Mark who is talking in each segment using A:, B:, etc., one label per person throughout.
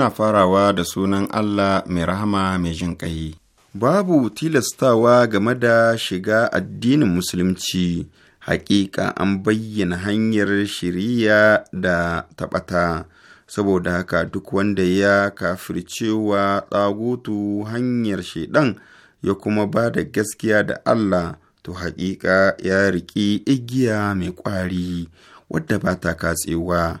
A: muna farawa da sunan Allah mai rahama mai jin ƙai. Babu tilastawa game da shiga addinin Musulunci, haƙiƙa an bayyana hanyar shiriya da taɓata, saboda haka duk wanda ya cewa tsagutu hanyar shaiɗan ya kuma ba da gaskiya da Allah, to haƙiƙa ya riƙi igiya mai ƙwari, wadda ba ta katsewa.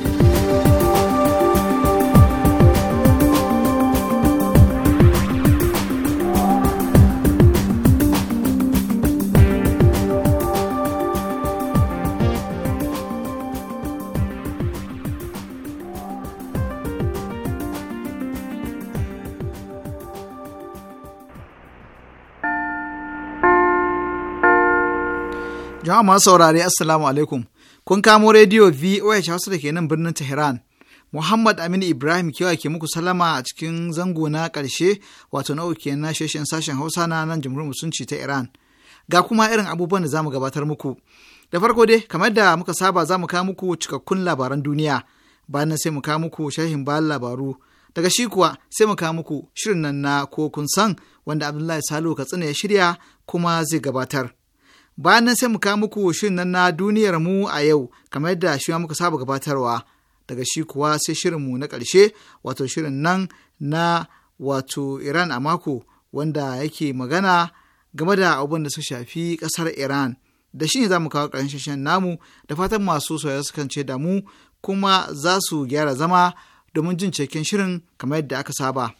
B: ma saurare Assalamu alaikum. Kun kamo rediyo VOH Hausa da ke nan birnin Tehran. Muhammad Aminu Ibrahim kewa ke muku salama a cikin zango na karshe wato na uke na sheshen sashen Hausa na nan jamhuriyar musulunci ta Iran. Ga kuma irin abubuwan da za mu gabatar muku. Da farko dai, kamar da muka saba za mu kawo muku cikakkun labaran duniya. Bayan nan sai mu kawo muku sharhin bayan labaru. Daga shi kuwa sai mu kawo muku shirin nan na ko kun san wanda Abdullahi Salo Katsina ya shirya kuma zai gabatar. bayan nan sai mu kawo muku shirin nan na duniyar mu a yau kamar yadda shi muka saba gabatarwa daga shi kuwa sai shirin mu na karshe wato shirin nan na wato Iran a mako wanda yake magana game da abubuwan da su shafi kasar Iran da shi ne za mu kawo ƙarshen namu da fatan masu soyayya su kance da mu kuma za su gyara zama domin jin cikin shirin kamar yadda aka saba.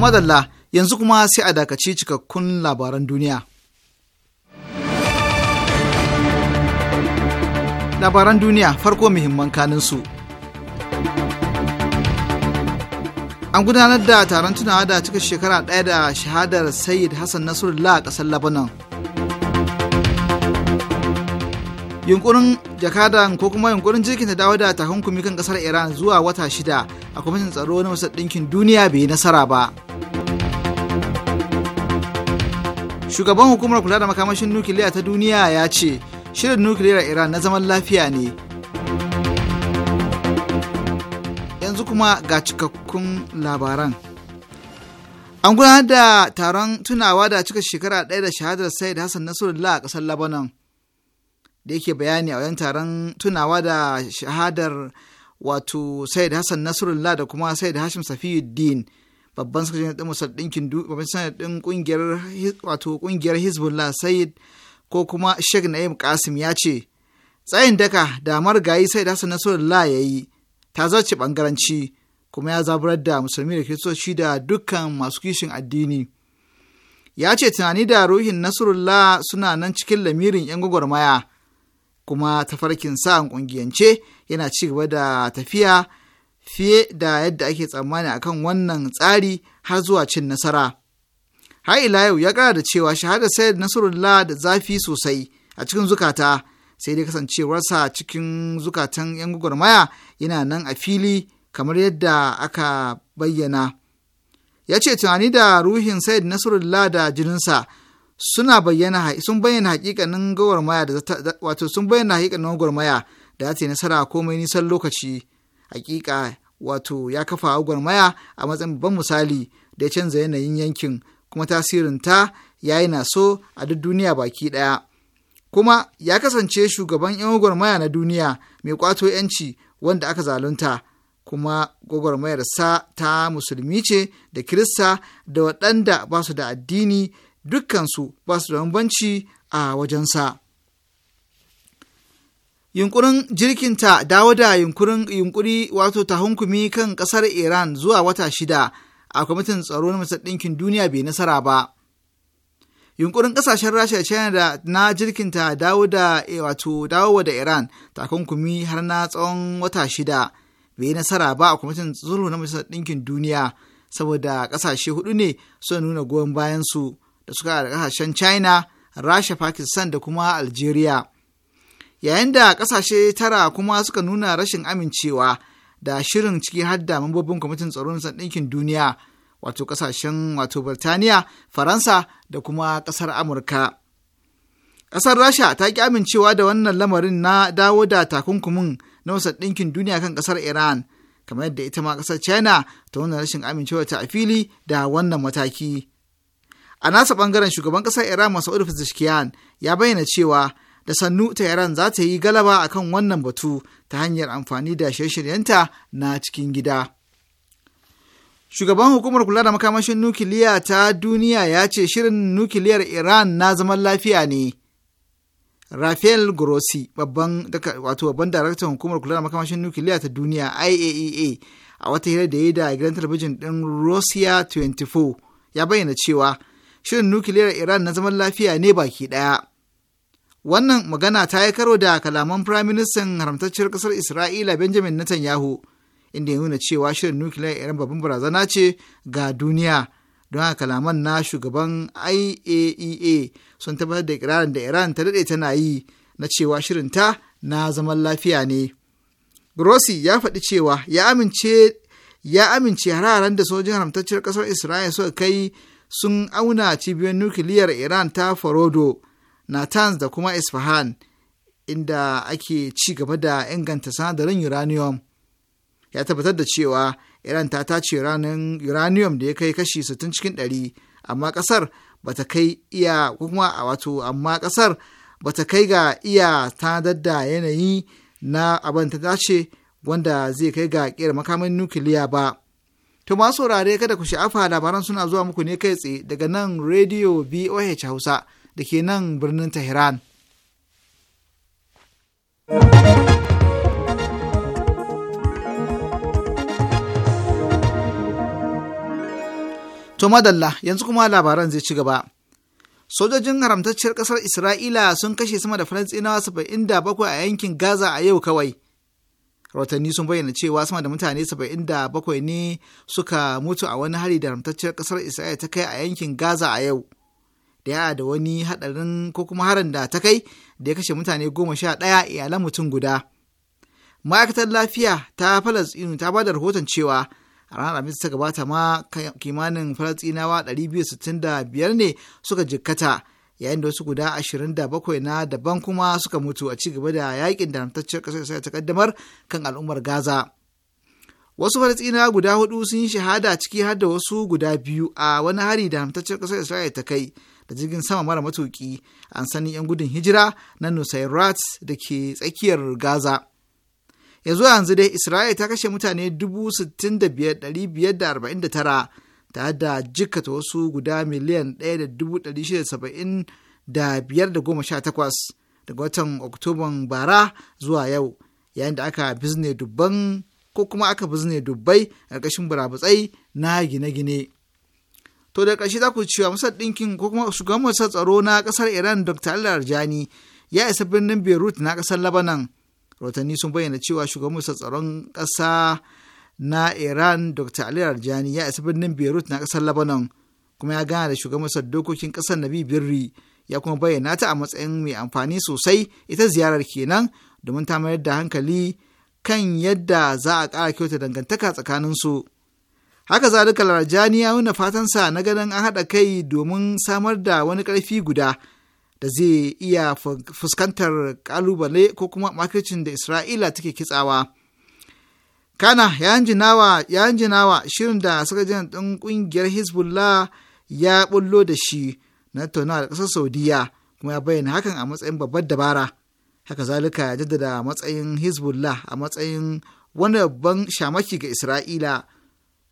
B: madalla yanzu kuma sai a dakaci cikakkun labaran duniya. Labaran duniya farko muhimman kaninsu. An gudanar da taron tunawa da cika shekara ɗaya da shahadar Sayyid Hassan Nasrullah a ƙasar Lebanon. yunkurin jakadan ko kuma yunkurin jirgin ta dawo da takunkumi kan kasar iran zuwa wata shida a kwamitin tsaro na wasu ɗinkin duniya bai nasara ba shugaban hukumar kula da makamashin nukiliya ta duniya ya ce shirin nukiliyar iran na zaman lafiya ne yanzu kuma ga cikakkun labaran an gudanar da taron tunawa da cika shekara ɗaya da shahadar said hassan nasarullah a ƙasar labanan da yake bayani a wajen taron tunawa da shahadar wato Said Hassan Nasrullah da kuma Said Hashim Safiyuddin babban da Dinkin Du babban sanadin kungiyar wato kungiyar Hizbullah Said ko kuma Sheikh Na'im Qasim ya ce tsayin daka da margayi Said Hassan Nasrullah yayi ta zarce bangaranci kuma ya zaburar da musulmi da kiristoci da dukkan masu kishin addini ya ce tunani da ruhin Nasrullah suna nan cikin lamirin 'yan gwagwarmaya kuma tafarkin sa ƙungiyance yana ci gaba da tafiya fiye da yadda ake tsammani akan wannan tsari har zuwa cin nasara. Har yau ya kara da cewa shahada sayar Nasrullah da zafi sosai a cikin zukata sai dai kasancewarsa cikin zukatan 'yan gwagwarmaya yana nan a fili kamar yadda aka bayyana. Ya ce tunani da ruhin sayar Nasrullah da jininsa suna bayyana sun bayyana hakikanin gwagwarmaya da wato sun bayyana hakikanin gwagwarmaya da ta nasara komai nisan lokaci hakika wato ya kafa gwagwarmaya a matsayin babban misali da ya canza yanayin yankin kuma tasirinta ya yi naso a duk duniya baki ɗaya kuma ya kasance shugaban 'yan gwagwarmaya na duniya mai kwato 'yanci wanda aka zalunta kuma sa ta musulmi ce da kirista da waɗanda ba su da addini dukkansu ba su da bambanci a wajensa. Yunkurin jirkinta dawo da yunkuri wato hunkumi kan ƙasar Iran zuwa wata shida a kwamitin tsaro na Masar Ɗinkin Duniya bai nasara ba. Yunkurin ƙasashen Rasha da China da na jirkinta dawo da eh, wato dawo da Iran hunkumi har na tsawon wata shida bai nasara ba a kwamitin tsaro na Masar Ɗinkin Duniya saboda ƙasashe huɗu ne suka nuna goyon bayansu. da suka da kasashen china rasha pakistan da kuma algeria yayin da kasashe tara kuma suka nuna rashin amincewa da shirin ciki har da mambobin kwamitin tsaron ɗinkin duniya wato kasashen wato birtaniya faransa da kuma ƙasar amurka ƙasar rasha ta ƙi amincewa da wannan lamarin na dawo da takunkumin na wasan ɗinkin duniya kan ƙasar iran kamar yadda ita ma ƙasar china ta wannan rashin amincewa ta a fili da wannan mataki A nasa bangaren shugaban ƙasar Iran Masaudu Pezeshkian ya bayyana cewa da sannu ta iran za ta yi galaba akan wannan batu ta hanyar amfani da shirye-shiryenta na cikin gida. Shugaban hukumar kula da makamashin nukiliya ta duniya ya ce shirin nukiliyar Iran na zaman lafiya ne. Rafael Grossi, babban wato babban daraktan hukumar kula da makamashin nukiliya ta duniya IAEA e a wata hira da ya da gidan talabijin ɗin Russia 24 ya bayyana cewa shirin nukiliyar Iran na zaman lafiya ne baki ɗaya. Wannan magana ta yi karo da kalaman Firaministan haramtacciyar kasar Isra'ila Benjamin Netanyahu, inda ya nuna cewa shirin nukiliyar Iran babban barazana ce ga duniya. Don haka kalaman na shugaban IAEA e sun tabbatar da ikirarin da Iran ta daɗe tana yi na cewa shirinta na zaman lafiya ne. Grossi ya faɗi cewa ya amince ya amince hararen da sojin haramtacciyar kasar Isra'ila suka kai sun auna cibiyar nukiliyar Iran ta Farodo, Natanz da kuma Isfahan, inda ake ci gaba da inganta sanadarin uranium. Ya tabbatar da cewa Iran ta tace uranium da ya kai kashi 60 cikin 100, amma kasar ta kai iya kuma a wato amma kasar ta kai ga iya tanadar da yanayi na abin ta dace wanda zai kai ga kera makamin nukiliya ba. To ma saurare kada ku sha'afa labaran suna zuwa muku ne kai tsaye daga nan Radio VOH Hausa da ke nan birnin Tehran. To madalla yanzu kuma labaran zai ci gaba. Sojojin haramtacciyar ƙasar Isra'ila sun kashe sama da Falasɗinawa saba'in da bakwai a yankin Gaza a yau kawai. rahotanni sun bayyana cewa sama da mutane 77 ne suka mutu a wani hari da haramtacciyar kasar isra'ila ta kai a yankin gaza a yau da ya da wani hadarin ko kuma harin da ta kai da ya kashe mutane goma sha ɗaya iyalan mutum guda ma'aikatar lafiya ta falasɗinu ta ba da rahoton cewa a ranar alhamis ta gabata ma kimanin falastinawa 265 ne suka jikkata yayin da wasu guda 27 na daban kuma suka mutu a cigaba da yakin da hamtacciyar ƙasar ta kaddamar kan al'ummar Gaza. Wasu Falasɗinawa guda hudu sun yi shahada ciki har da wasu guda biyu a wani hari da hamtacciyar ƙasar Isra'ila ta kai da jirgin sama mara matuki an sani 'yan gudun hijira na Nusairat da ke tsakiyar Gaza. yanzu yanzu dai Isra'ila ta kashe mutane 65,549 tare da jikata wasu guda miliyan 1,675 da daga watan oktoban bara zuwa yau yayin da aka bizne dubban ko kuma aka bizne dubbai a ƙarƙashin burabutsai na gine-gine. To da ƙarshe za ku cewa masar ɗinkin ko kuma shugaban masar tsaro na ƙasar Iran Dr. Ali Arjani ya isa birnin Beirut na ƙasar Lebanon. rotanni sun bayyana cewa shugaban masar tsaron ƙasa na Iran Dr. Ali Arjani ya isa birnin Beirut na kasar Lebanon kuma ya gana da shugaban dokokin ƙasar Nabi Birri ya kuma bayyana ta a matsayin mai amfani sosai ita ziyarar kenan domin ta mayar da hankali kan yadda za a ƙara kyauta dangantaka tsakanin su Haka zalika Larjani ya nuna sa na ganin an haɗa kai domin samar da wani ƙarfi guda da zai iya fuskantar ƙalubale ko kuma makircin da Isra'ila take kitsawa. kana ya jinawa shirin da suka sakajin ɗin ƙungiyar hezbollah ya bullo da shi na tona da ƙasar saudiya kuma ya bayyana hakan a matsayin babbar dabara haka zalika ya jaddada matsayin hezbollah a matsayin wani babban shamaki ga isra'ila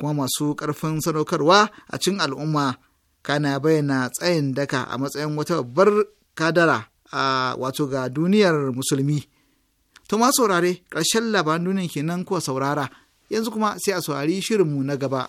B: kuma masu ƙarfin sadaukarwa a cikin al'umma kana ya bayyana tsayin daka a matsayin wata babbar kadara a wato ga duniyar musulmi To ma saurare ƙarshen labaran duniya kenan kuwa saurara yanzu kuma sai a saurari shirinmu na gaba.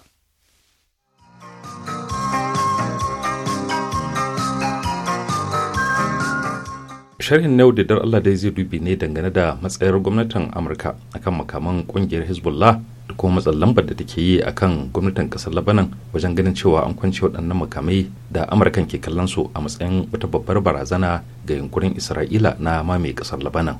C: sharhin na da dar Allah dai zai dubi ne dangane da matsayar gwamnatin Amurka akan makaman kungiyar Hezbollah da kuma matsan lambar da take yi akan gwamnatin kasar Labanan wajen ganin cewa an kwance waɗannan makamai da Amurkan ke kallon su a matsayin wata babbar barazana ga yunkurin Isra'ila na mamaye kasar Labanan.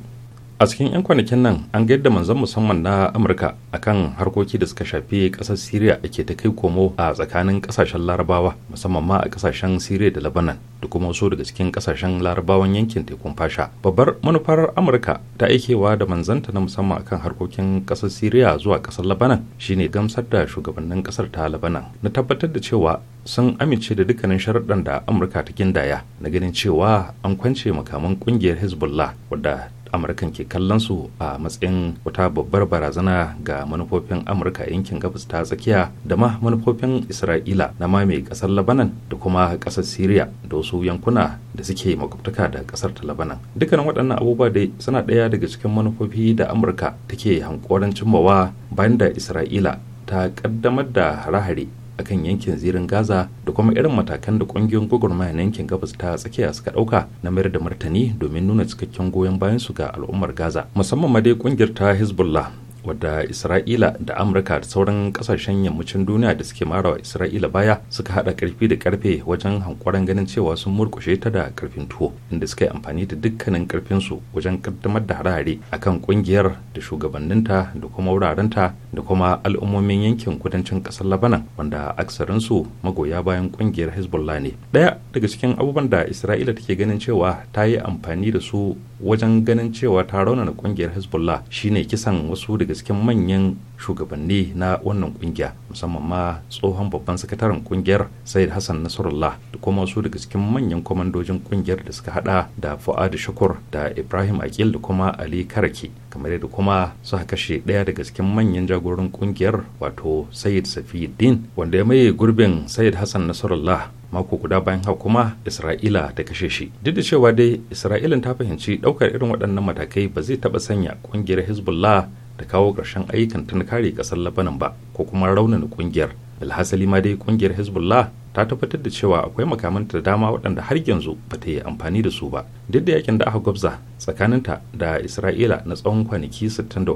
C: a cikin 'yan kwanakin nan an ga yadda manzan musamman na amurka akan harkoki da suka shafi kasar syria ake ta kai komo a tsakanin kasashen larabawa musamman ma a kasashen syria da labanan da kuma wasu daga cikin kasashen larabawan yankin tekun fasha babbar manufar amurka ta aikewa da manzanta na musamman akan harkokin kasar syria zuwa kasar labanan shine gamsar da shugabannin kasar ta labanan na tabbatar da cewa sun amince da dukkanin sharuɗan da amurka ta gindaya na ganin cewa an kwance makaman kungiyar hezbollah wadda amurkan ke kallon su a matsayin wata babbar barazana ga manufofin amurka yankin gabas ta tsakiya da ma manufofin isra'ila na ma mai kasar labanan da kuma kasar syria da wasu yankuna da suke makwabtaka da kasar ta labanan dukkanin waɗannan abubuwa dai suna ɗaya daga cikin manufofi da amurka take hankoran cimmawa bayan da isra'ila ta kaddamar da hare akan yankin zirin gaza da kuma irin matakan da kungiyoyin gwagwarmaya na yankin gabas ta tsakiya suka dauka na mayar da martani domin nuna cikakken goyon bayan su ga al'ummar gaza musamman ma dai kungiyar ta hezbollah wadda isra'ila da amurka da sauran kasashen yammacin duniya da suke marawa isra'ila baya suka hada karfi da karfe wajen hankwaran ganin cewa sun murkushe ta da karfin tuwo inda suka yi amfani da dukkanin karfinsu wajen kaddamar da harare akan kungiyar da shugabanninta da kuma wurarenta da kuma al'ummomin yankin kudancin kasar labanan wanda aksarinsu magoya bayan kungiyar hezbollah ne daya daga cikin abubuwan da isra'ila take ganin cewa ta yi amfani da su wajen ganin cewa ta raunana kungiyar hezbollah shine kisan wasu daga cikin manyan shugabanni na wannan kungiya musamman ma tsohon babban sakataren kungiyar said hassan nasarullah da kuma wasu daga cikin manyan kwamandojin kungiyar da suka hada da fu'adu shukur da ibrahim akil da kuma ali karaki kamar yadda kuma suka kashe daya daga cikin manyan jagororin kungiyar wato said safiuddin wanda ya maye gurbin said hassan nasarullah mako guda bayan haka kuma isra'ila ta kashe shi duk da cewa dai isra'ilan ta fahimci daukar irin waɗannan matakai ba zai taba sanya kungiyar hezbollah da kawo ƙarshen ayyukan tun na kare ƙasar labanan ba ko kuma raunana ƙungiyar alhasali ma dai ƙungiyar hezbollah ta tabbatar da cewa akwai makamanta da dama waɗanda har yanzu ba ta yi amfani da su ba duk da yakin da aka gwabza tsakaninta da isra'ila na tsawon kwanaki 63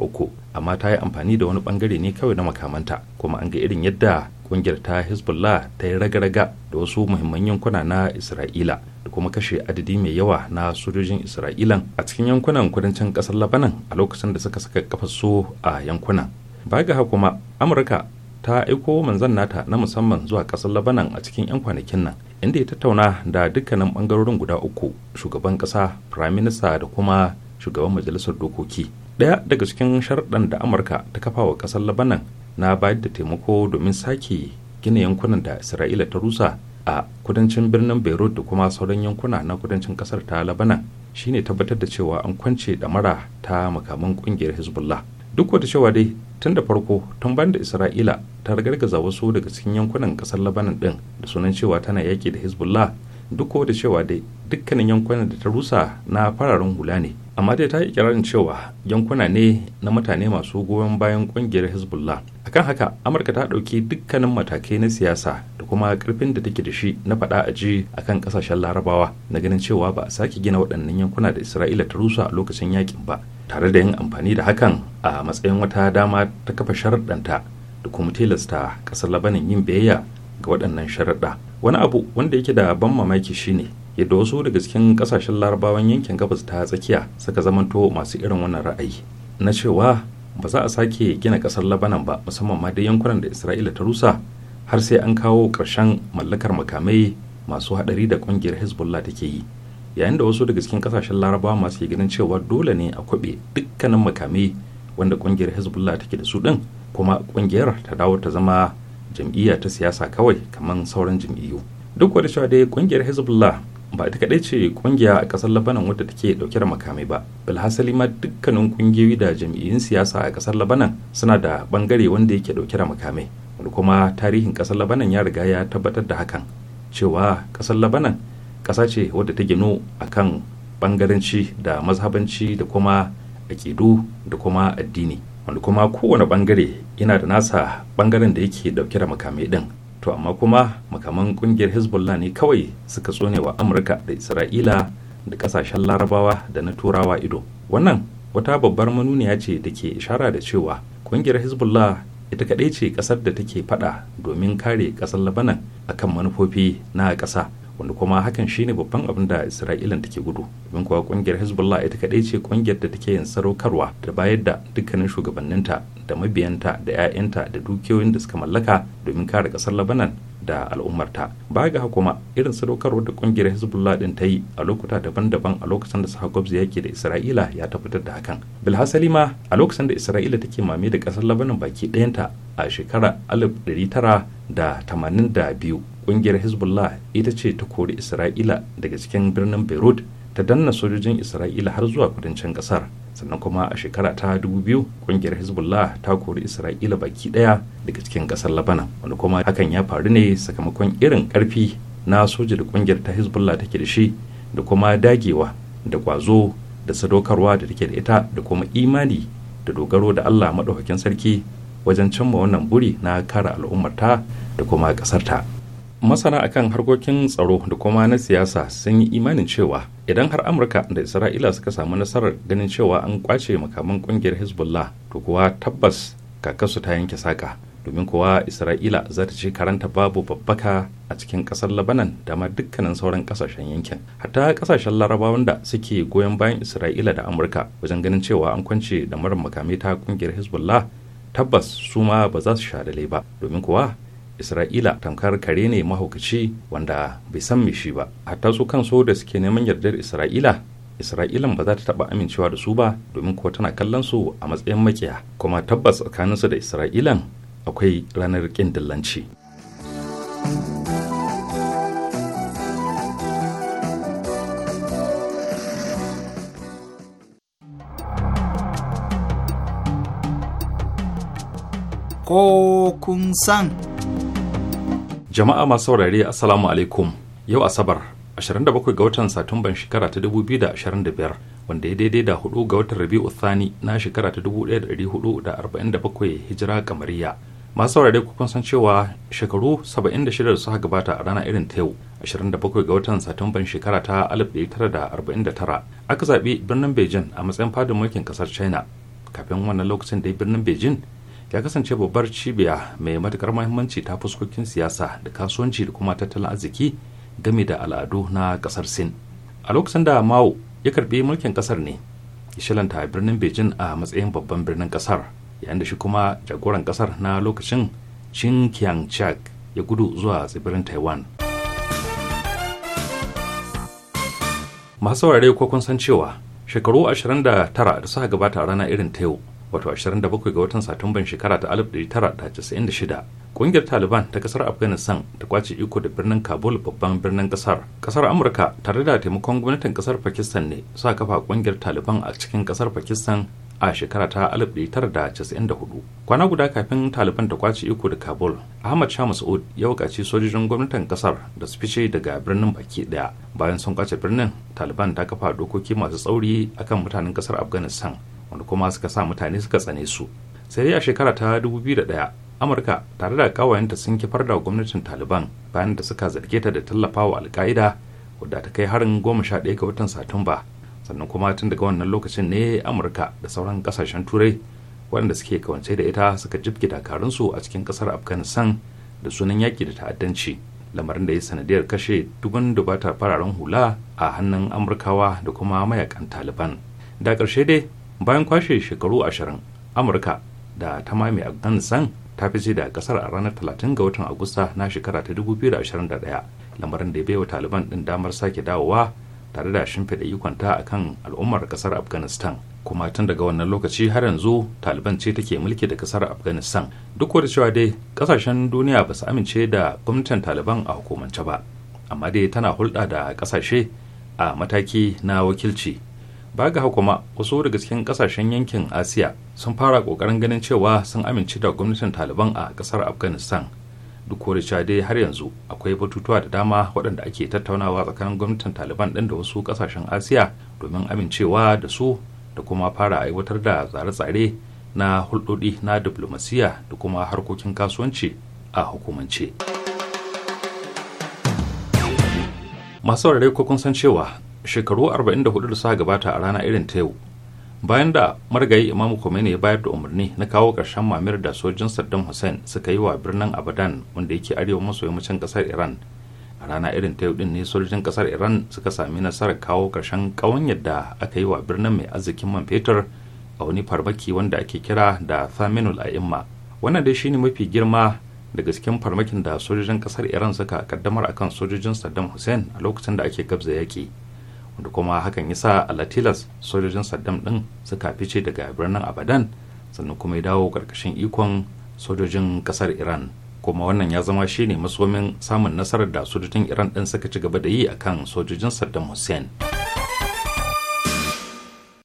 C: amma ta yi amfani da wani bangare ne kawai na makamanta kuma an ga irin yadda kungiyar ta hezbollah ta yi ragaraga da wasu muhimman yankuna na isra'ila da kuma kashe adadi mai yawa na sojojin isra'ilan a cikin yankunan kudancin kasar labanan a lokacin da suka saka kafa su a yankunan baga kuma amurka ta aiko manzan nata na musamman zuwa ƙasar labanan a cikin 'yan kwanakin nan inda ya tattauna da dukkanin bangarorin guda uku shugaban ƙasa firaminista da kuma shugaban majalisar dokoki ɗaya daga cikin sharɗan da amurka ta kafa wa ƙasar labanan na bayar da taimako domin sake gina yankunan da isra'ila ta rusa a kudancin birnin beirut da kuma sauran yankuna na kudancin kasar ta labanan shine tabbatar da cewa an kwance da mara ta makaman kungiyar hezbollah duk wata cewa dai tun da farko tun ban da isra'ila ta gargaza wasu daga cikin yankunan kasar labanan din da sunan cewa tana yaki da hezbollah duk wata cewa dai dukkanin yankunan da ta rusa na fararen hula ne amma dai ta yi kirarin cewa yankuna ne na mutane masu goyon bayan kungiyar hezbollah akan haka amurka ta ɗauki dukkanin matakai na siyasa da kuma karfin da take da shi na faɗa a ji akan kasashen larabawa na ganin cewa ba a sake gina waɗannan yankuna da isra'ila ta rusa a lokacin yakin ba tare da yin amfani da hakan a matsayin wata dama ta kafa sharaɗanta da kuma tilasta ƙasar labanin yin biyayya ga waɗannan sharaɗa wani abu wanda yake da ban mamaki shine yadda wasu daga cikin kasashen larabawan yankin gabas ta tsakiya suka zamanto masu irin wannan ra'ayi na cewa ba za a sake gina kasar labanan ba musamman ma dai yankunan da isra'ila ta rusa har sai an kawo ƙarshen mallakar makamai masu haɗari da ƙungiyar hezbollah take yi yayin da wasu daga cikin kasashen larabawa masu ganin cewa dole ne a kwaɓe dukkanin makamai wanda ƙungiyar hezbollah take da su ɗin kuma ƙungiyar ta dawo ta zama jam'iyya ta siyasa kawai kamar sauran jam'iyyu duk da cewa dai ƙungiyar hezbollah ba ta kaɗai ce ƙungiya a ƙasar labanan wadda take ɗauke da makamai ba bilhassali ma dukkanin ƙungiyoyi da jam'iyyun siyasa a ƙasar labanan suna da ɓangare wanda yake ɗauke da makamai wani kuma tarihin ƙasar labanan ya riga ya tabbatar da hakan cewa ƙasar labanan ƙasa ce wadda ta ginu a kan ɓangaranci da mazhabanci da kuma aƙidu da kuma addini wanda kuma kowane ɓangare yana da nasa ɓangaren da yake ɗauke da makamai ɗin to amma kuma makaman kungiyar hezbollah ne kawai suka tsone wa amurka da isra'ila da kasashen larabawa da na turawa ido wannan wata babbar manuniya ce da ke ishara da cewa kungiyar hezbollah ita kaɗai ce ƙasar da take faɗa domin kare ƙasar labanan akan manufofi na ƙasa wanda kuma hakan shine babban abin da isra'ilan take gudu domin kuwa kungiyar hezbollah ita kadai ce kungiyar da take yin sadaukarwa da bayar da dukkanin shugabanninta da mabiyanta da 'ya'yanta da dukiyoyin da suka mallaka domin kare kasar labanan da al'ummarta ba ga kuma irin sadaukarwar da kungiyar hezbollah din ta yi a lokuta daban-daban a lokacin da saha gwabza yake da isra'ila ya tabbatar da hakan bilhassali ma a lokacin da isra'ila take mame da kasar labanan baki ɗayanta a shekara 1982 ƙungiyar hezbollah ita ce ta kori isra'ila daga cikin birnin beirut ta danna sojojin isra'ila har zuwa kudancin kasar sannan kuma a shekara ta dubu biyu ƙungiyar hezbollah ta kori isra'ila baki daya daga cikin kasar labanan wanda kuma hakan ya faru ne sakamakon irin karfi na soja da ƙungiyar ta hezbollah take da shi da kuma dagewa da kwazo da sadaukarwa da take da ita da kuma imani da dogaro da allah maɗaukakin sarki wajen cimma wannan buri na kare al'ummarta da kuma ƙasarta. masana akan harkokin tsaro da kuma na siyasa sun yi imanin cewa idan har amurka da isra'ila suka samu nasarar ganin cewa an kwace makaman kungiyar hezbollah to kuwa tabbas kakasu ta yanke saka domin kuwa isra'ila za ta ci karanta babu babbaka a cikin kasar labanan da ma dukkanin sauran kasashen yankin hatta kasashen larabawan da suke goyon bayan isra'ila da amurka wajen ganin cewa an kwance da marar makamai ta kungiyar hezbollah tabbas su ma ba za su sha ba domin kuwa isra'ila tamkar kare ne mahaukaci wanda bai san shi ba hatta su da suke neman yardar isra'ila isra'ilan ba za ta taba amincewa da su ba domin kuwa tana kallon su a matsayin makiya kuma tabbas tsakanin su da isra'ilan akwai ranar kin dillanci
B: ko kun san
C: jama'a masu saurare assalamu alaikum yau asabar 27 ga watan satumban shekara ta 2025 wanda ya daidai da 4 ga watan rabi'u thani na shekara ta 1447 hijira kamariya masu saurare kun san cewa shekaru 76 da suka gabata a rana irin ta yau 27 ga watan satumban shekara ta 1949 aka zaɓi birnin beijing a matsayin fadin mulkin kasar china kafin wannan lokacin da birnin beijing ya kasance babbar cibiya mai matukar mahimmanci ta fuskokin siyasa da kasuwanci da kuma tattalin arziki game da al'adu na kasar sin a lokacin da mao ya karbi mulkin kasar ne shilanta birnin beijing a matsayin babban birnin kasar yayin da shi kuma jagoran kasar na lokacin chin kiang ya gudu zuwa tsibirin taiwan masu saurare ko kun san cewa shekaru 29 da suka gabata a rana irin ta yau wato 27 ga watan satumban shekara ta 1996 ƙungiyar taliban ta kasar afghanistan ta kwace iko da birnin kabul babban birnin kasar kasar amurka tare da taimakon gwamnatin kasar pakistan ne suka kafa ƙungiyar taliban a cikin kasar pakistan a shekara ta 1994 kwana guda kafin taliban ta kwace iko da kabul ahmad shah masud ya wakaci sojojin gwamnatin kasar da su fice daga birnin baki daya bayan sun kwace birnin taliban ta kafa dokoki masu tsauri akan mutanen kasar afghanistan wanda kuma suka sa mutane suka tsane su sai dai a shekara ta 2001 amurka tare da kawayenta sun kifar da gwamnatin taliban bayan da suka zarge ta da tallafawa alka'ida wadda ta kai harin goma sha ɗaya ga watan satumba sannan kuma tun daga wannan lokacin ne amurka da sauran kasashen turai waɗanda suke kawance da ita suka jibge dakarunsu a cikin ƙasar afghanistan da sunan yaƙi da ta'addanci lamarin da ya sanadiyar kashe dubin dubata fararen hula a hannun amurkawa da kuma mayakan taliban da ƙarshe dai bayan kwashe shekaru ashirin amurka da ta mame afghanistan ta fice da kasar a ranar 30 ga watan agusta na shekara ta 2021 lamarin da ya wa taliban din damar sake dawowa tare da shimfiɗa ikonta a kan al'ummar kasar afghanistan kuma tun daga wannan lokaci har yanzu taliban ce take mulki da kasar afghanistan duk da cewa dai kasashen duniya ba su amince da gwamnatin taliban a hukumance ba amma dai tana hulɗa da kasashe a mataki na wakilci ba ga kuma wasu daga cikin kasashen yankin asiya sun fara kokarin ganin cewa sun amince da gwamnatin taliban a kasar afghanistan duk da shade har yanzu akwai batutuwa da dama waɗanda ake tattaunawa tsakanin gwamnatin taliban ɗin da wasu kasashen asiya domin amincewa da su da kuma fara aiwatar da tsare-tsare na hulɗoɗi na diplomasiya da kuma harkokin kasuwanci a hukumance masu ko kun san cewa shekaru 44 da suka gabata a rana irin ta yau bayan da margayi imamu Khomeini ya bayar da umarni na kawo ƙarshen mamir da sojin saddam hussein suka yi wa birnin abadan wanda yake arewa maso yammacin kasar iran a rana irin ta yau din ne sojojin ƙasar iran suka sami nasarar kawo karshen ƙawon yadda aka yi wa birnin mai arzikin man fetur a wani farmaki wanda ake kira da thaminul a'imma wannan dai shine mafi girma daga cikin farmakin da sojojin kasar iran suka kaddamar akan sojojin saddam hussein a lokacin da ake gabza yaki wanda kuma hakan ya sa alatilas sojojin saddam ɗin suka fice daga birnin abadan sannan kuma ya dawo ƙarƙashin ikon sojojin ƙasar iran kuma wannan ya zama shine masomin samun nasarar da sojojin iran ɗin suka ci gaba da yi akan sojojin saddam hussein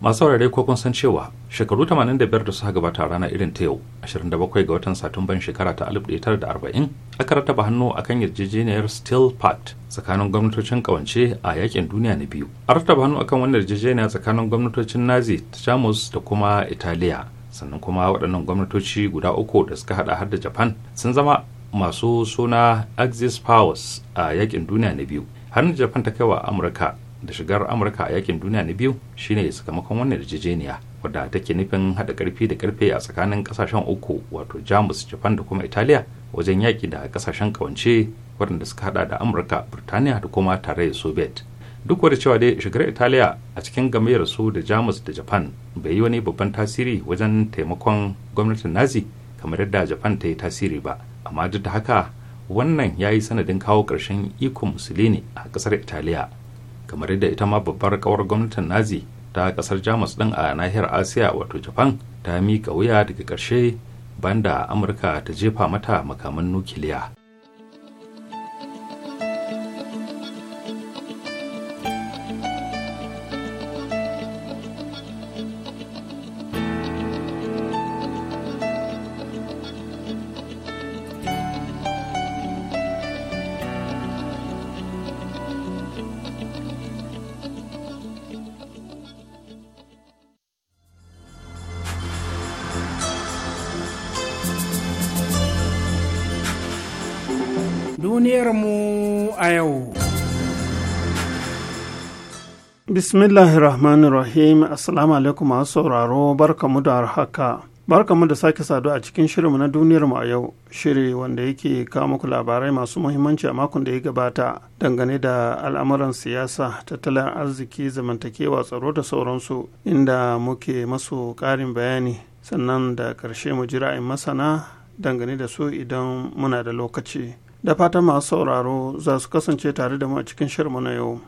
C: masu saurare ko kun san cewa shekaru 85 da suka gabata rana irin ta yau 27 ga watan satumban shekara ta 1940 aka rataba hannu akan yarjejeniyar steel pact tsakanin gwamnatocin kawance a yakin duniya na biyu a rataba hannu akan wannan yarjejeniya tsakanin gwamnatocin nazi ta jamus da kuma italiya sannan kuma waɗannan gwamnatoci guda uku da suka hada har da japan sun zama masu suna axis powers a yakin duniya na biyu har japan ta kai wa amurka da shigar amurka a yakin duniya na biyu shine sakamakon wannan yarjejeniya wadda take nufin haɗa karfi da karfe a tsakanin ƙasashen uku wato jamus japan da kuma italiya wajen yaki da kasashen kawance waɗanda suka haɗa da amurka birtaniya da kuma tarayyar soviet duk da cewa dai shigar italiya a cikin gamayyar su da jamus da japan bai yi wani babban tasiri wajen taimakon gwamnatin nazi kamar yadda japan ta yi tasiri ba amma duk da haka wannan ya yi sanadin kawo ƙarshen ikon musulini a ƙasar italiya kamar yadda ita ma babbar kawar gwamnatin nazi ta kasar jamus din a nahiyar asiya wato japan ta miƙa wuya daga ƙarshe banda amurka ta jefa mata makaman nukiliya
D: a yau.
E: Bismillahir Rahmanir Rahim Assalamu alaikum masu sauraro barkamu da haka. Barkamu da sake saduwa a cikin shirinmu na duniyar mu a yau, shiri wanda yake kawo muku labarai masu muhimmanci a makon da ya gabata dangane da al'amuran siyasa, tattalin arziki, zamantakewa, tsaro da sauransu inda muke masu ƙarin bayani sannan da ƙarshe mu jira'in masana dangane da su idan muna da lokaci. da fata masu sauraro za su kasance tare da mu a cikin shirmu na yau.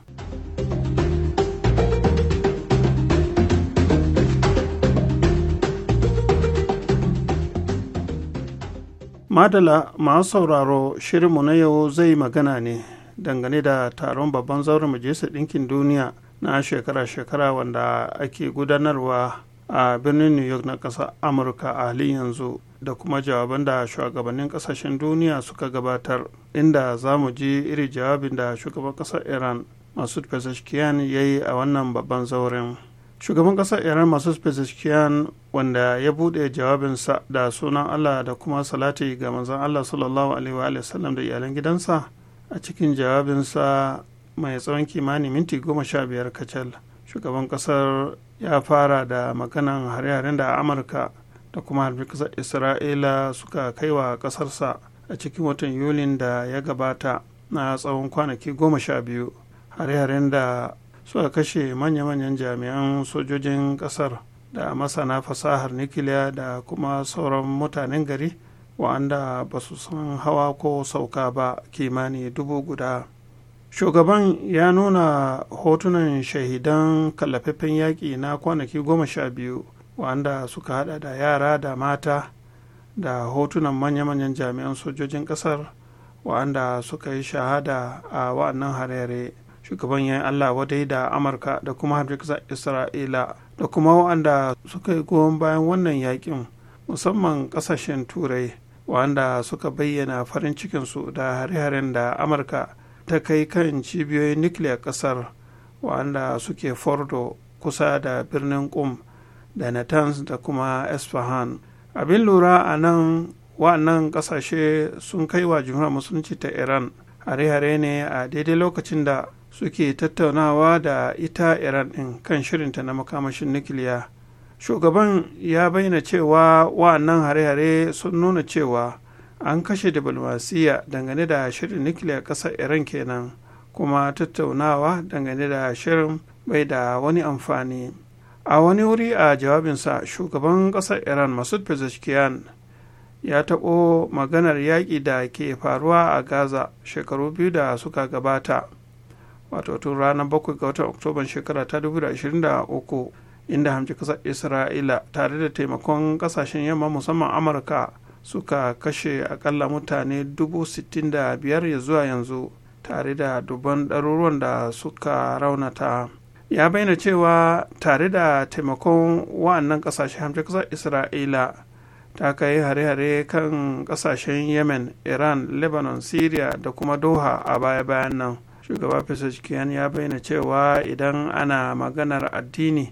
E: Madala masu sauraro shirinmu na yau zai magana ne dangane da taron babban zauren majalisar ɗinkin duniya na shekara-shekara wanda ake gudanarwa a birnin New York na ƙasar Amurka a halin yanzu. da kuma jawaban da shugabannin kasashen duniya suka gabatar inda za mu ji iri jawabin da shugaban kasar iran masu pezeshkian ya yi a wannan babban zauren shugaban kasar iran masu pezeshkian wanda ya buɗe jawabinsa da sunan allah da kuma salati ga manzon allah sallallahu alaihi wa sallam da iyalan gidansa a cikin jawabinsa mai tsawon kimani minti goma sha biyar kacal shugaban kasar ya fara da maganan hare-haren da amurka da kuma harbi kasar isra'ila suka kai wa ƙasarsa a cikin watan yulin da ya gabata na tsawon kwanaki goma sha biyu hare-haren da suka kashe manya-manyan jami'an sojojin ƙasar da masana fasahar nikiliya da kuma sauran mutanen gari wa'anda ba su san hawa ko sauka ba kimani dubu guda shugaban ya nuna hotunan shahidan kallafaffen yaƙi na kwanaki goma sha biyu wanda suka hada da yara da mata da hotunan manya-manyan jami'an sojojin kasar wa'anda suka yi shahada a wa'annan harere shugaban yayin allah wadai da amurka da kuma hargitsa isra'ila da kuma wa'anda suka yi goyon bayan wannan yakin musamman kasashen turai wa'anda suka bayyana farin cikinsu da hare-haren da amurka ta kai kan cibiyoyin nukiliyar kasar wa'anda suke fordo kusa da birnin kum da natanz da kuma esfahan abin lura a nan wa'annan ƙasashe sun kai wa jumhuriyar musulunci ta iran hare-hare ne a daidai lokacin da suke tattaunawa da ita iran ɗin kan shirinta na makamashin nukiliya shugaban ya bayyana cewa wa'annan hare-hare sun nuna cewa an kashe diplomasiya dangane da shirin nukiliya ƙasar iran kenan kuma tattaunawa dangane da shirin bai da wani amfani. a wani wuri a jawabinsa shugaban ƙasar iran masud pezeshkian ya taɓo maganar yaƙi da ke faruwa a gaza shekaru biyu da suka gabata wato tun ranar 7 ga watan oktoban shekara ta 2023 inda hamci ƙasar isra'ila tare da taimakon ƙasashen yamma musamman amurka suka kashe akalla mutane 65,000 ya zuwa yanzu tare da dubban ɗaruruwan da suka raunata. ya bayyana cewa tare da taimakon wa'annan kasashe hamshe kasar isra'ila ta kai hare-hare kan kasashen yemen iran lebanon syria da kuma doha a baya-bayan nan shugaba pezeshkian ya bayyana cewa idan ana maganar addini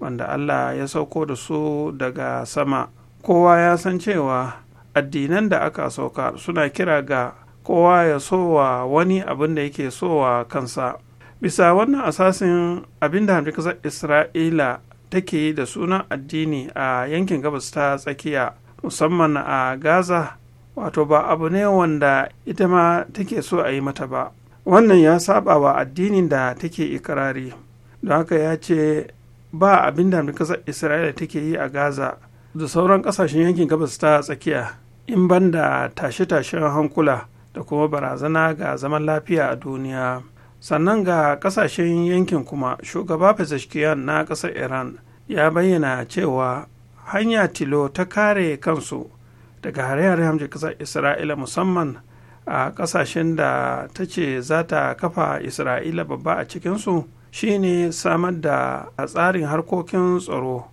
E: wanda allah ya sauko da su daga sama kowa ya san cewa addinan da aka sauka suna kira ga kowa ya sowa wani abin da yake sowa kansa bisa wannan asasin abinda hamdi kasar isra'ila take yi da sunan addini a yankin gabas ta tsakiya musamman a gaza wato ba abu ne wanda ita ma take so a yi mata ba wannan ya saba wa addinin da take ikirari don haka ya ce ba abin da kasar isra'ila take yi a gaza da sauran kasashen yankin gabas ta tsakiya in banda tashe-tashen hankula da kuma barazana ga zaman lafiya a duniya. sannan ga kasashen yankin kuma shugaba pezeshkian na ƙasar iran ya bayyana cewa hanya tilo ta kare kansu daga hare-hare hamji ƙasar isra'ila musamman a ƙasashen da ta ce za ta kafa isra'ila babba a cikinsu shine samar da tsarin harkokin tsaro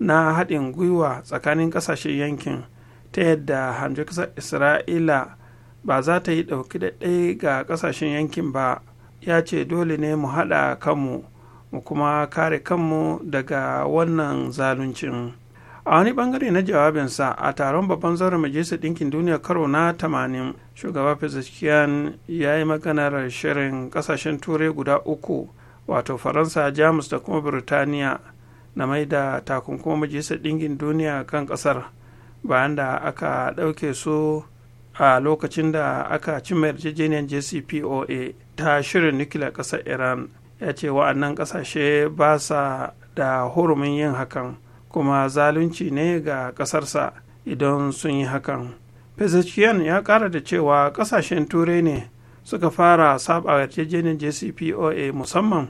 E: na haɗin gwiwa tsakanin ƙasashen yankin ta yadda hamji ƙasar isra'ila ba za ta yi ɗauki da ga ƙasashen yankin ba ya ce dole ne mu haɗa kanmu mu kuma kare kanmu daga wannan zaluncin a wani bangare na jawabinsa a taron babban zauren majalisar ɗinkin duniya karo na 80 shugaba pezeshkian ya yi maganar shirin ƙasashen turai guda uku wato faransa jamus da kuma birtaniya na mai da takunkuma majalisar ɗinkin duniya kan ƙasar bayan da aka ɗauke su a lokacin da aka cimma yarjejeniyar jcpoa ta shirin nukila ƙasar iran ya ce wa'annan ƙasashe ba sa da hurumin yin hakan kuma zalunci ne ga ƙasarsa idan sun yi hakan pezeshkian ya ƙara da cewa ƙasashen turai ne suka fara saba yarjejeniyar jcpoa musamman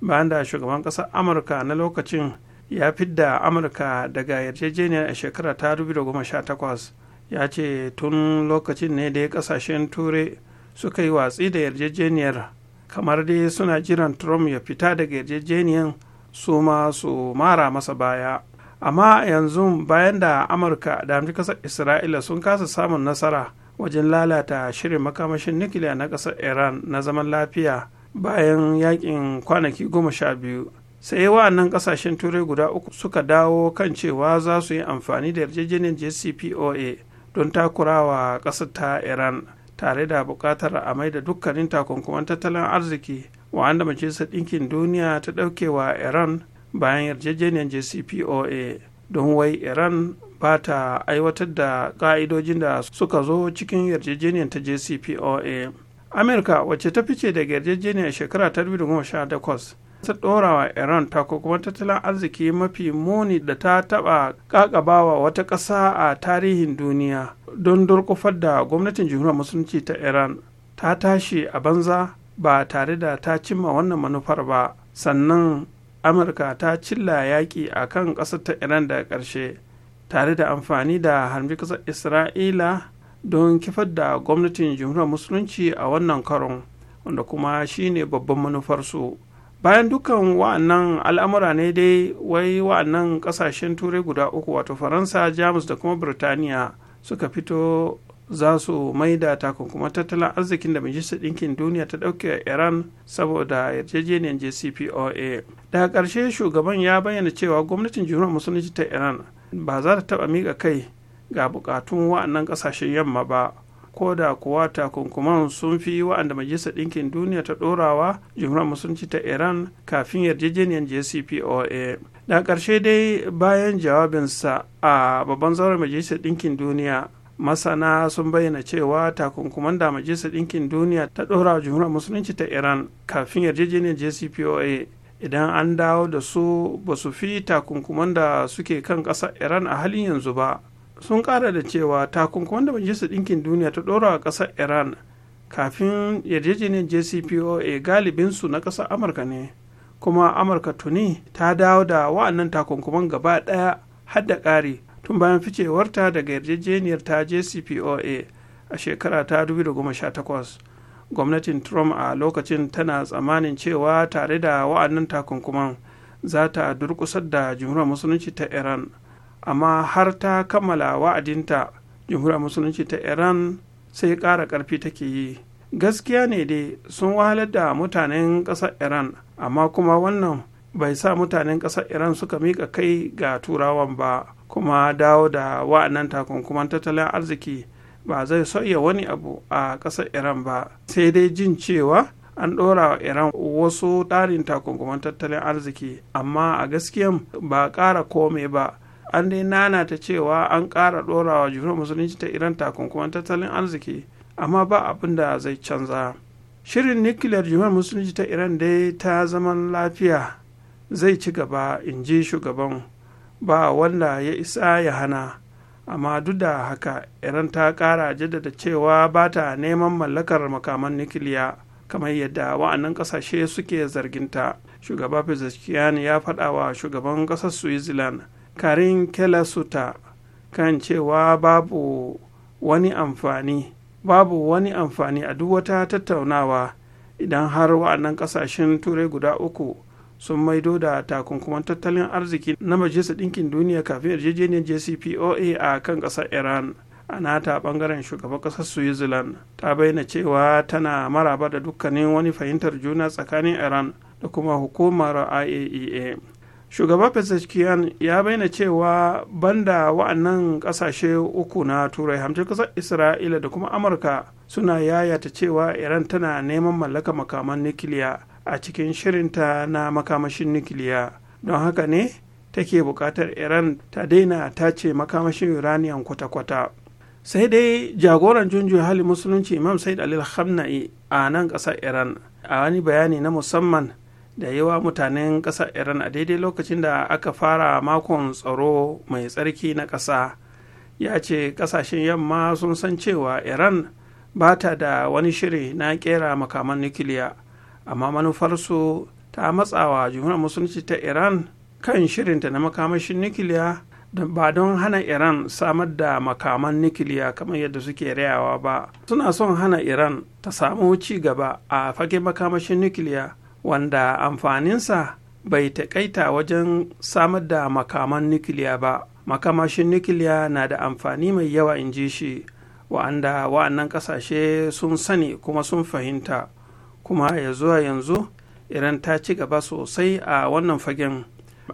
E: bayan da shugaban ƙasar amurka na lokacin ya fidda amurka daga yarjejeniyar a shekara ta 2018 ya ce tun lokacin ne da ƙasashen turai suka yi watsi da yarjejeniyar kamar dai suna jiran trump ya fita daga yarjejeniyar su ma su mara masa baya amma yanzu bayan da amurka da kasar isra'ila sun kasa samun nasara wajen lalata shirin makamashin nukiliya na kasar iran na zaman lafiya
B: bayan
E: yakin kwanaki goma sha biyu sai wa'annan kasashen turai guda uku suka dawo kan cewa za su yi amfani da yarjejeniyar jcpoa don takurawa ƙasar ta iran tare da bukatar a da dukkanin takunkuman tattalin arziki wanda majalisar ɗinkin duniya ta ɗauke wa iran bayan yarjejeniyar jcpoa don wai iran ba ta aiwatar da ƙa'idojin da suka zo cikin yarjejeniyar ta jcpoa amurka wacce ta fice daga yarjejeniyar shekara ta 2018 ta ɗorawa iran ta kuma tattalin arziki mafi muni da ta taɓa ƙaƙabawa wata ƙasa a tarihin duniya don durkufar da gwamnatin jihuna musulunci ta iran ta tashi a banza ba tare da ta cimma wannan manufar ba sannan amurka ta cilla yaƙi a kan ƙasar ta iran da ƙarshe tare da amfani da harbi ƙasar isra'ila don kifar da gwamnatin jihuna musulunci a wannan karon wanda kuma shine babban manufarsu. bayan dukkan wa'annan al'amura ne dai wai wa'annan kasashen turai guda uku wato faransa jamus da kuma birtaniya suka fito za su da takunkuma tattalin arzikin da majalisar ɗinkin duniya ta ɗauke iran saboda yarjejeniyar jcpoa daga ƙarshe shugaban ya bayyana cewa gwamnatin jihar musulunci ta iran ba za ta taɓa miƙa kai ga buƙatun wa'annan ƙasashen yamma ba ko da kuwa takunkuman sun fi wa'anda majalisar ɗinkin duniya ta ɗorawa jumhuriyar musulunci ta iran kafin yarjejeniyar jcpoa da ƙarshe dai bayan jawabinsa a babban zauren majalisar ɗinkin duniya masana sun bayyana cewa takunkuman da majalisar ɗinkin duniya ta ɗora jumhuriyar musulunci ta iran kafin yarjejeniyar jcpoa idan an dawo da su ba su fi takunkuman da suke kan ƙasar iran a halin yanzu ba sun kara da cewa takunkuman da majalisar ɗinkin duniya ta ɗora a ƙasar iran kafin yarjejeniyar jcpoa galibinsu na ƙasar amurka ne kuma amurka tuni ta dawo da wa'annan takunkuman gaba ɗaya har da ƙari tun bayan ficewarta daga yarjejeniyar ta jcpoa a shekara ta 2018 gwamnatin trump a lokacin tana tsamanin cewa tare da wa'annan takunkuman za ta durkusar da jumhuriyar musulunci ta iran amma har ta kammala wa'adinta jamhuriyar musulunci ta iran sai ƙara ƙarfi take yi gaskiya ne dai sun wahalar da mutanen ƙasar iran amma kuma wannan bai sa mutanen ƙasar iran suka miƙa kai ga turawan ba kuma dawo da wa'annan takunkuman tattalin arziki ba zai sauya wani abu a ƙasar iran ba sai dai jin cewa an ɗora wa iran wasu tsarin takunkuman tattalin arziki amma a gaskiyan ba ƙara kome ba an dai nana ta cewa an ƙara ɗorawa wa musulunci ta iran takunkuman tattalin arziki amma ba abin da zai canza shirin nukiliyar jihunar musulunci ta iran dai ta zaman lafiya zai ci gaba in ji shugaban ba wanda ya isa ya hana amma duk da haka iran ta ƙara jaddada cewa ba ta neman mallakar makaman nukiliya kamar yadda wa'annan ƙasashe suke zarginta shugaba pezeshkian ya faɗa wa shugaban ƙasar switzerland karin kelasuta kan cewa babu wani amfani babu wani amfani a duk wata tattaunawa idan har wa'annan kasashen turai guda uku sun maido da takunkuman tattalin arziki na majalisar ɗinkin duniya kafin yarjejeniyar jcpoa a kan ƙasar iran a nata ɓangaren shugaban ƙasar switzerland ta bayyana cewa tana maraba da dukkanin wani fahimtar juna tsakanin iran da kuma hukumar iaea e shugaba Pezeshkian ya bayyana cewa banda wa'annan kasashe uku na turai hamsin kasar isra'ila da kuma amurka suna yayata cewa iran tana neman mallaka makaman nukiliya a cikin shirinta na makamashin nukiliya don haka ne take bukatar iran ta daina tace makamashin uranium kwata-kwata sai dai jagoran junjun hali musulunci imam said alil a nan ƙasar iran a wani bayani na musamman da yawa mutanen ƙasar iran a daidai lokacin da aka fara makon tsaro mai tsarki na ƙasa ya ce ƙasashen yamma sun san cewa iran ba ta da wani shiri na ƙera makaman nukiliya amma manufarsu ta matsawa juna musulunci ta iran kan shirinta na makamashin nukiliya ba don hana iran samar da makaman nukiliya kamar yadda suke rayawa ba suna son hana iran ta samu ci gaba a fagen makamashin nukiliya wanda amfaninsa bai taƙaita wajen samar da makaman nukiliya ba makamashin nukiliya na da amfani mai yawa in ji shi wa'anda wa'annan ƙasashe sun sani kuma sun fahimta kuma ya zuwa yanzu iran ta ci gaba sosai a wannan fagen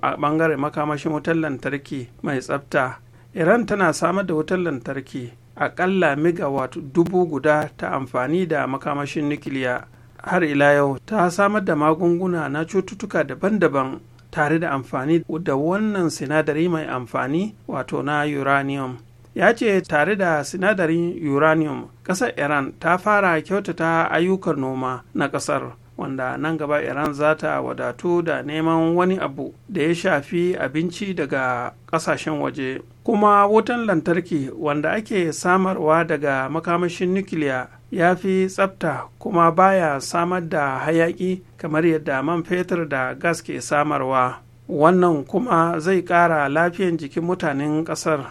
E: a bangaren makamashin wutar lantarki mai tsabta iran tana samar da wutar lantarki aƙalla watu dubu guda ta amfani da makamashin nukiliya har ila yau ta samar da magunguna na cututtuka daban-daban tare da amfani da wannan sinadari mai amfani wato na uranium ya ce tare da sinadarin uranium ƙasar iran ta fara kyautata ayyukan noma na ƙasar wanda nan gaba iran za ta wadatu da neman wani abu da ya shafi abinci daga ƙasashen waje kuma wutan lantarki wanda ake samarwa daga makamashin nukiliya ya fi tsafta kuma baya samar da hayaƙi kamar yadda man fetur da gas ke samarwa wannan kuma zai ƙara lafiyan jikin mutanen ƙasar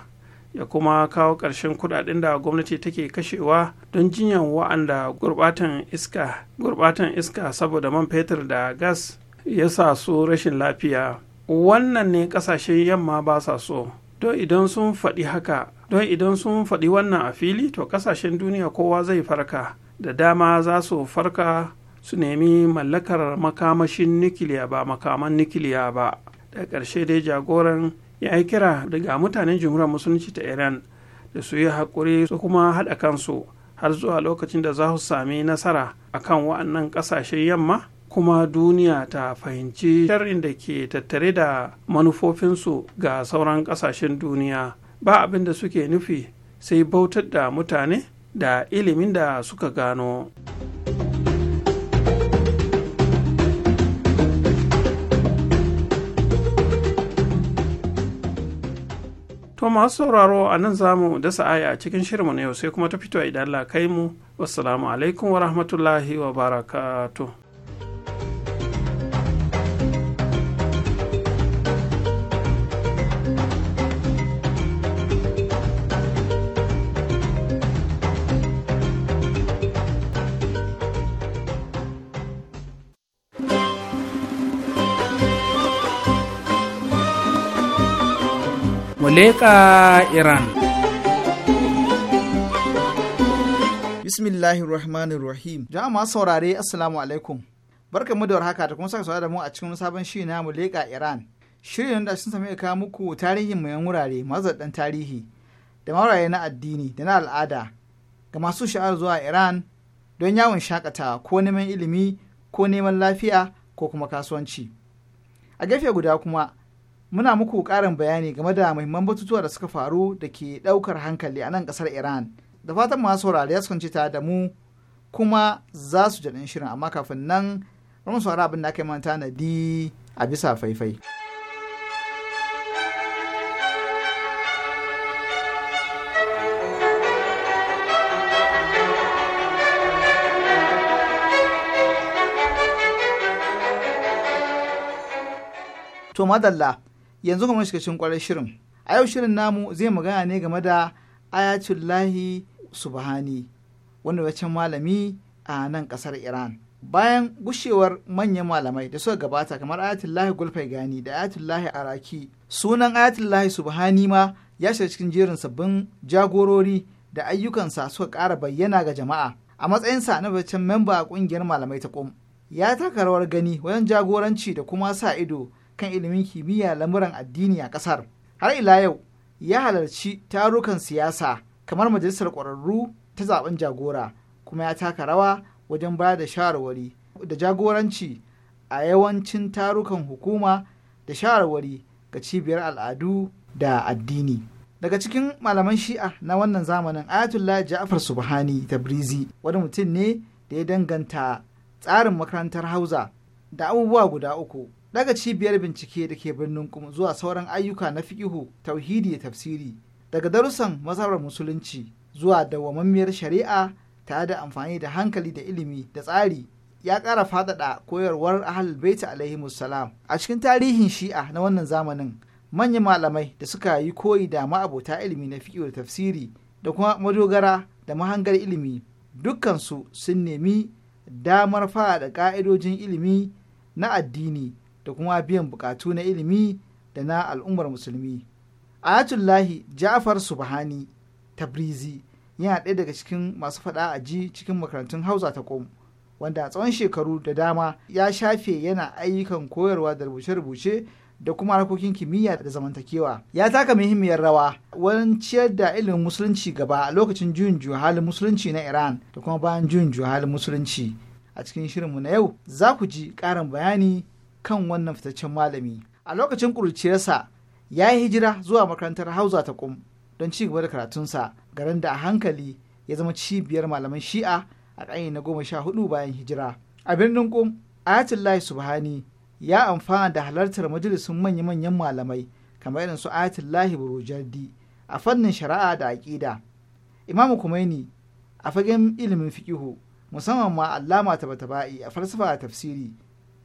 E: ya kuma kawo ƙarshen kudaden da gwamnati take kashewa don jinyan wa'anda gurbatan iska gurbatan iska saboda man fetur da gas ya sa su rashin lafiya wannan ne ƙasashen yamma ba sa so don idan sun faɗi haka don idan sun faɗi wannan a fili to ƙasashen duniya kowa zai farka da dama za su farka su nemi mallakar makamashin nukiliya ba makaman nukiliya ba da ƙarshe dai jagoran ya yi kira daga mutanen jumhuriyar musulunci ta iran da su yi haƙuri su kuma haɗa kansu har zuwa lokacin da za su sami nasara akan wa'annan ƙasashen yamma kuma duniya ta fahimci sharrin da ke tattare da manufofinsu ga sauran ƙasashen duniya ba abin da suke nufi sai bautar da mutane da ilimin da suka gano. To masu sauraro a nan zamu dasa aya a cikin shirinmu na yau sai kuma ta fito idan Allah kai mu. Wassalamu alaikum wa rahmatullahi wa barakatuh.
C: leƙa iran
B: bismillahir rahmanir rahim jama'a masu saurare assalamu alaikum barkamu da haka, ta kuma saka da mu a cikin sabon shi na mu leƙa iran shirin da sun sami kawo muku tarihin mayan wurare mazaɗan tarihi da mauraye na addini da na al'ada ga masu sha'ar zuwa iran don yawon shakatawa ko neman ilimi ko neman lafiya ko kuma kasuwanci a gefe guda kuma muna muku ƙarin bayani game da muhimman batutuwa da suka faru da ke ɗaukar hankali a nan ƙasar Iran. Da fatan masu saurari ya sun ta da mu kuma za su jaɗin shirin amma kafin nan ramin saurari abin da aka yi manta na di a bisa faifai. To madalla yanzu kamar shiga cikin kwarar shirin a yau shirin namu zai magana ne game da lahi subhani wanda wacce malami a nan kasar iran bayan gushewar manyan malamai da suka gabata kamar ayatullahi gulfai gani da ayatullahi araki sunan ayatullahi subhani ma ya shiga cikin jerin sabbin jagorori da ayyukansa suka ƙara bayyana ga jama'a a matsayinsa na wacce memba a ƙungiyar malamai ta ƙum ya taka rawar gani wajen jagoranci da kuma sa ido kan ilimin kimiyya lamuran addini a ƙasar har ila yau ya halarci tarukan siyasa kamar majalisar ƙwararru ta zaben jagora kuma ya taka rawa wajen ba da shawarwari da jagoranci a yawancin tarukan hukuma da shawarwari ga cibiyar al'adu da addini daga cikin malaman shi'a na wannan zamanin ayatollah ja'far subhani tabrizi wani mutum ne da ya danganta tsarin makarantar Hauza, da abubuwa guda uku daga cibiyar bincike da ke birnin kuma zuwa sauran ayyuka na fikihu tauhidi da tafsiri daga darussan mazhabar musulunci zuwa dawwamammiyar shari'a tare da amfani da hankali da ilimi da tsari ya ƙara faɗaɗa koyarwar ahlul baiti alaihi musalam a cikin tarihin shi'a na wannan zamanin manyan malamai da suka yi koyi da ma'abota ilimi na fiƙi da tafsiri da kuma madogara da mahangar ilimi dukkansu sun nemi damar fara da ƙa'idojin ilimi na addini da kuma biyan bukatu na ilimi da na al'ummar musulmi ayatullahi ja'far subhani tabrizi yana ɗaya daga cikin masu faɗa a ji cikin makarantun hausa ta kom wanda a tsawon shekaru da dama ya shafe yana ayyukan koyarwa da rubuce-rubuce da kuma harkokin kimiyya da zamantakewa ya taka muhimmiyar rawa wajen ciyar da ilimin musulunci gaba a lokacin juyin juhalin musulunci na iran da kuma bayan juyin juhalin musulunci a cikin shirinmu na yau za ku ji ƙarin bayani kan wannan fitaccen malami a lokacin ƙuruciyarsa ya yi hijira zuwa makarantar Hauza ta kum don ci gaba da karatunsa garin da a hankali ya zama cibiyar malaman shi'a a ƙanyi na goma sha hudu bayan hijira a birnin kum ayatullahi subhani ya amfana da halartar majalisun manya-manyan malamai kamar irin su ayatullahi burujardi a fannin shari'a da aƙida imam kumaini a fagen ilimin fikihu musamman ma allama ba'i a falsafa da tafsiri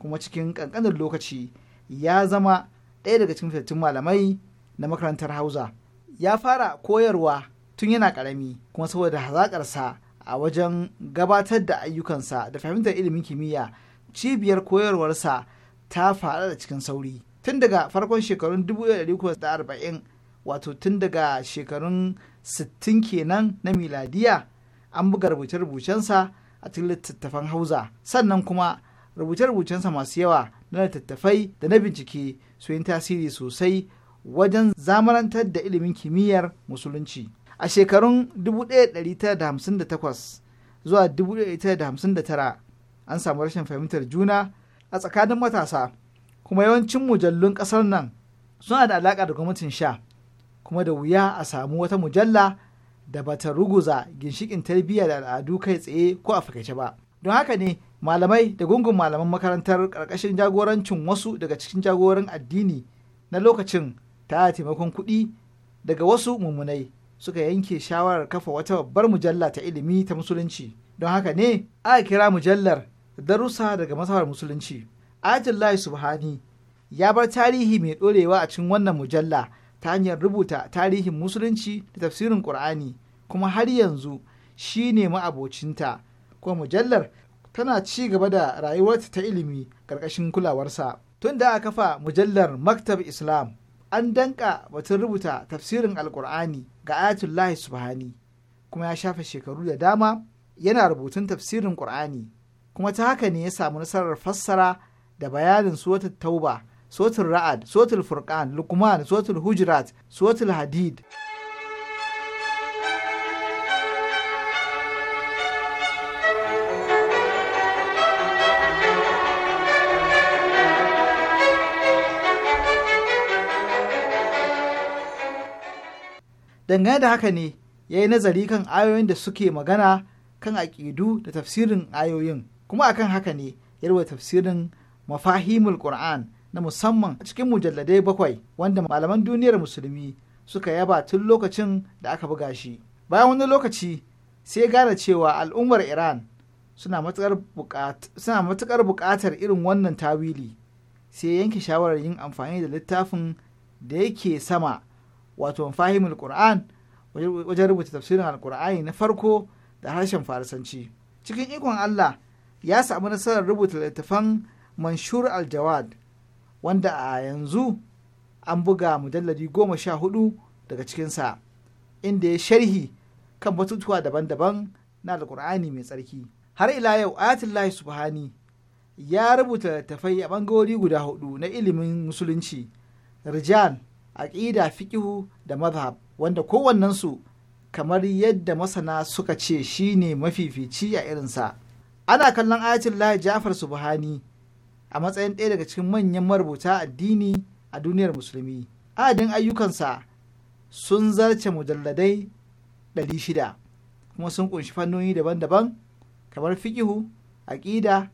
B: kuma cikin kankanin lokaci ya zama ɗaya daga cikin fitattun malamai na makarantar hausa ya fara koyarwa tun yana ƙarami kuma saboda hazaƙarsa a wajen gabatar da ayyukansa da fahimtar ilimin kimiyya cibiyar koyarwarsa ta faru da cikin sauri tun daga farkon shekarun 1940 wato tun daga shekarun sittin kenan na miladiya an buga rubuce-rubucensa a cikin littattafan hausa sannan kuma rubuce-rubucensa masu yawa na littattafai da na bincike su yi tasiri sosai wajen zamarantar da ilimin kimiyyar musulunci a shekarun 1958 zuwa 1959 an samu rashin fahimtar juna a tsakanin matasa kuma yawancin mujallun ƙasar nan suna da alaƙa da gwamnatin sha kuma da wuya a samu wata mujalla da bata ruguza ginshikin tarbiyya da al'adu kai tsaye ko a fakace ba don haka ne malamai da gungun malaman makarantar ƙarƙashin jagorancin wasu daga cikin jagoran addini na lokacin ta taimakon kuɗi daga wasu mummunai suka yanke shawarar kafa wata babbar mujalla ta ilimi ta musulunci don haka ne aka kira mujallar darussa daga masawar musulunci ayatullahi subhani ya bar tarihi mai ɗorewa a cikin wannan mujalla ta hanyar rubuta tarihin musulunci da tafsirin Ƙur'ani, kuma har yanzu shi ne ma'abocinta kuma mujallar tana ci gaba da rayuwarta ta ilimi ƙarƙashin kulawarsa. Tun da aka kafa mujallar Maktab Islam, an danka batun rubuta tafsirin Alƙur'ani ga Ayatullahi Subhani, kuma ya shafe shekaru da dama yana rubutun tafsirin Ƙur'ani, kuma ta haka ne ya samu nasarar fassara da bayanin suwatul Tauba, sotar Ra'ad, suwatul Furqan, Lukman, suwatul hujrat suwatul Hadid. dangane da haka ne ya yi nazari kan ayoyin da suke magana kan aƙidu da tafsirin ayoyin kuma akan haka ne ya rubuta tafsirin mafahimul qur'an na musamman a cikin mujalladai bakwai wanda malaman duniyar musulmi suka yaba tun lokacin da aka buga shi bayan wani lokaci sai gane cewa al'ummar iran suna matukar buƙatar irin wannan tawili sai yanke shawarar yin amfani da littafin da yake sama wato fahimul qur'an wajen rubuta tafsirin alqur'ani na farko da harshen farisanci cikin ikon Allah ya samu nasarar rubuta littafan manshur aljawad wanda a yanzu an buga mujalladi goma sha hudu daga cikinsa inda ya sharhi kan batutuwa daban-daban na alkur'ani mai tsarki har ila yau ayatullahi subhani ya rubuta littafai a bangarori guda hudu na ilimin musulunci rijal aƙida fiƙihu da mazhab wanda kowannensu kamar yadda masana suka ce shine mafifici a irinsa ana kallon ayatul lahi jafar subhani a matsayin ɗaya daga cikin manyan marubuta addini a duniyar musulmi adadin ayyukansa sun zarce mujalladai 600 kuma sun kunshi fannoni daban-daban kamar fiƙihu aƙida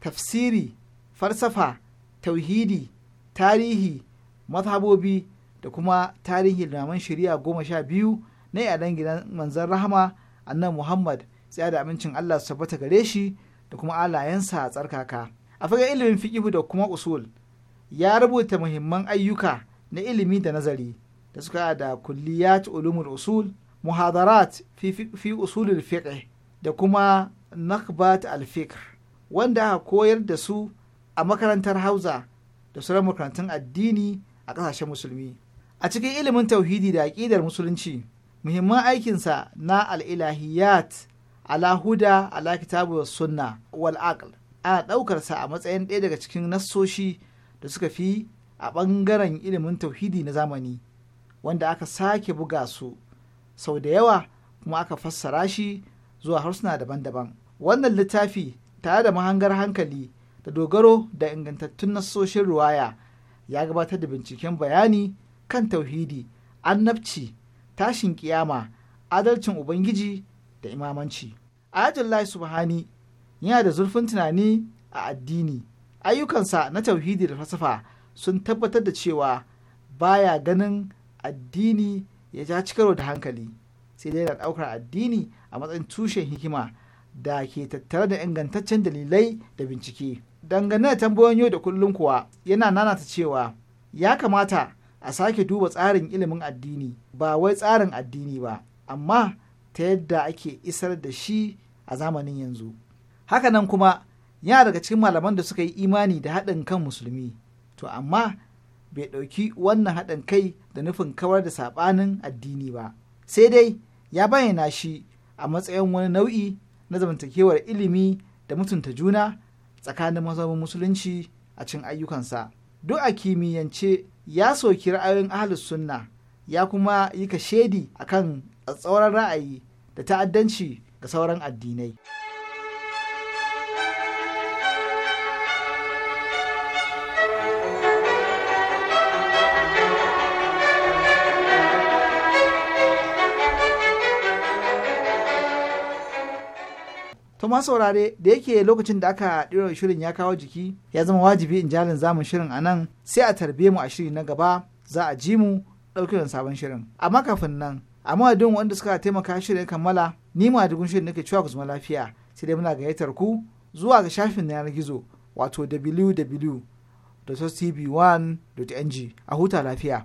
B: tafsiri farsafa tauhidi tarihi mazhabobi da kuma tarihin limaman shari'a goma sha biyu na yadan gidan manzan rahama annan muhammad tsaya da amincin allah su tabbata gare shi da kuma alayensa a tsarkaka a fagen ilimin fiƙihu da kuma usul ya rubuta muhimman ayyuka na ilimi da nazari da suka da kulliyat ulumul usul muhadarat fi usulul fiqh da kuma nakbat al fiqh wanda aka koyar da su a makarantar Hausa da sauran makarantun addini a ƙasashen musulmi a cikin ilimin tauhidi da aƙidar musulunci muhimman aikinsa na al'ilahiyat ala huda ala kitabu sunna wal aql ana ɗaukarsa a matsayin ɗaya daga cikin nassoshi da suka fi a ɓangaren ilimin tauhidi na zamani wanda aka sake buga su sau da yawa kuma aka fassara shi zuwa harsuna daban-daban wannan littafi tare da mahangar hankali da dogaro da ingantattun nassoshin ruwaya ya gabatar da binciken bayani kan tauhidi annabci tashin kiyama adalcin ubangiji da imamanci lai subhani yana da zurfin tunani a addini ayyukansa na tauhidi da falsafa sun tabbatar da cewa baya ganin addini ya ja cikaro da hankali sai dai na ɗaukar addini a matsayin tushen hikima da ke tattare da ingantaccen dalilai da bincike. dangane da tambayoyin yau da kullum kuwa yana nanata cewa ya kamata a sake duba tsarin ilimin addini ba wai tsarin addini ba amma ta yadda ake isar da shi a zamanin yanzu hakanan kuma yana daga cikin malaman da suka yi imani da haɗin kan musulmi to amma bai ɗauki wannan haɗin kai da nufin kawar da saɓanin addini ba sai dai ya bayyana shi a matsayin wani nau'i na zamantakewar ilimi da mutunta juna tsakanin mazhabin musulunci a cin ayyukansa duk a kimiyyance ya soki ra'ayoyin ahlus sunna ya kuma yi ka kashedi akan tsatsauran ra'ayi da ta'addanci ga sauran addinai. to ma saurare da yake lokacin da aka ɗora shirin ya kawo jiki ya zama wajibi in jalin zamun shirin a nan sai a tarbe mu a shiri na gaba za a ji mu ɗauke da sabon shirin amma kafin nan a madadin wanda suka taimaka shirin kammala ni ma dugun shirin nake cewa ku zama lafiya sai dai muna gayyatar ku zuwa ga shafin yanar gizo wato www.tv1.ng a huta lafiya.